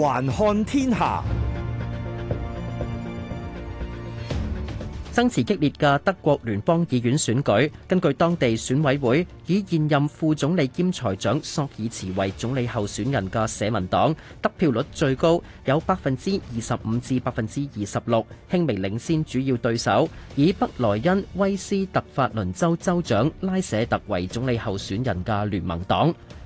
環看天下，爭持激烈嘅德國聯邦議院選舉，根據當地選委會，以現任副總理兼財長索爾茨為總理候選人嘅社民黨得票率最高，有百分之二十五至百分之二十六，輕微領先主要對手，以北萊茵威斯特法倫州州長拉舍特為總理候選人嘅聯盟黨。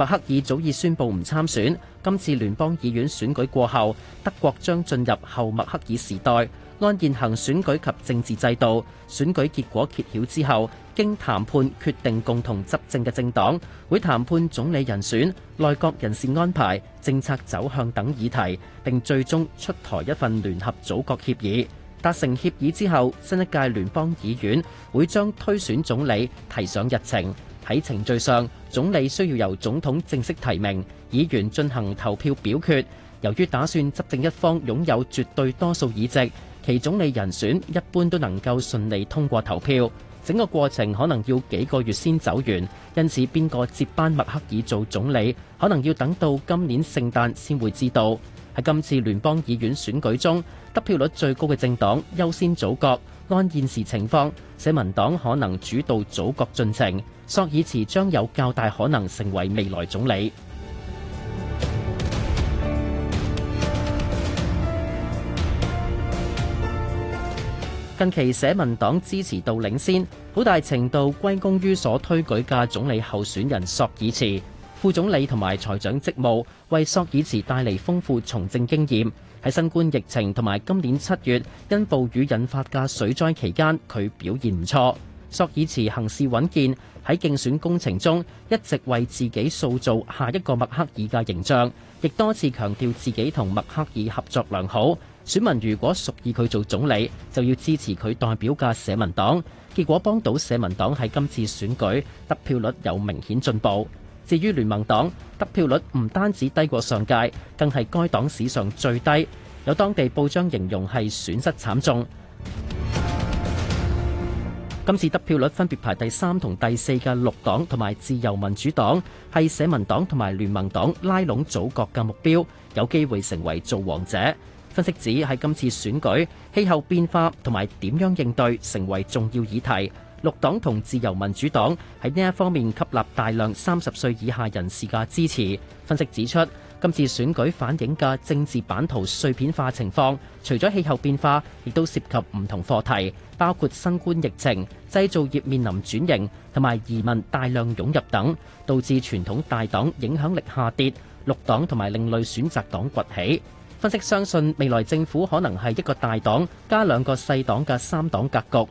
默克爾早已宣布唔參選，今次聯邦議院選舉過後，德國將進入後默克爾時代。按現行選舉及政治制度，選舉結果揭曉之後，經談判決定共同執政嘅政黨會談判總理人選、內閣人事安排、政策走向等議題，並最終出台一份聯合組閣協議。達成協議之後，新一屆聯邦議院會將推選總理提上日程。喺程序上，總理需要由總統正式提名，議員進行投票表決。由於打算執政一方擁有絕對多數議席，其總理人選一般都能夠順利通過投票。整個過程可能要幾個月先走完，因此邊個接班默克爾做總理，可能要等到今年聖誕先會知道。喺今次聯邦議院選舉中，得票率最高嘅政黨優先組閣。按現時情況，社民黨可能主導組閣進程，索爾茨將有較大可能成為未來總理。近期社民黨支持度領先，好大程度歸功於所推舉嘅總理候選人索爾茨。副總理同埋財長職務，為索爾茨帶嚟豐富從政經驗。喺新冠疫情同埋今年七月因暴雨引發嘅水災期間，佢表現唔錯。索爾茨行事穩健，喺競選工程中一直為自己塑造下一個默克爾嘅形象，亦多次強調自己同默克爾合作良好。選民如果屬意佢做總理，就要支持佢代表嘅社民黨。結果幫到社民黨喺今次選舉得票率有明顯進步。至於聯盟黨得票率唔單止低過上屆，更係該黨史上最低。有當地報章形容係損失慘重。 今次得票率分別排第三同第四嘅綠黨同埋自由民主黨，係社民黨同埋聯盟黨拉攏組閣嘅目標，有機會成為造王者。分析指喺今次選舉，氣候變化同埋點樣應對成為重要議題。六黨同自由民主黨喺呢一方面吸納大量三十歲以下人士嘅支持。分析指出，今次選舉反映嘅政治版圖碎片化情況，除咗氣候變化，亦都涉及唔同課題，包括新冠疫情、製造業面臨轉型同埋移民大量湧入等，導致傳統大黨影響力下跌，綠黨同埋另類選擇黨崛起。分析相信，未來政府可能係一個大黨加兩個細黨嘅三黨格局。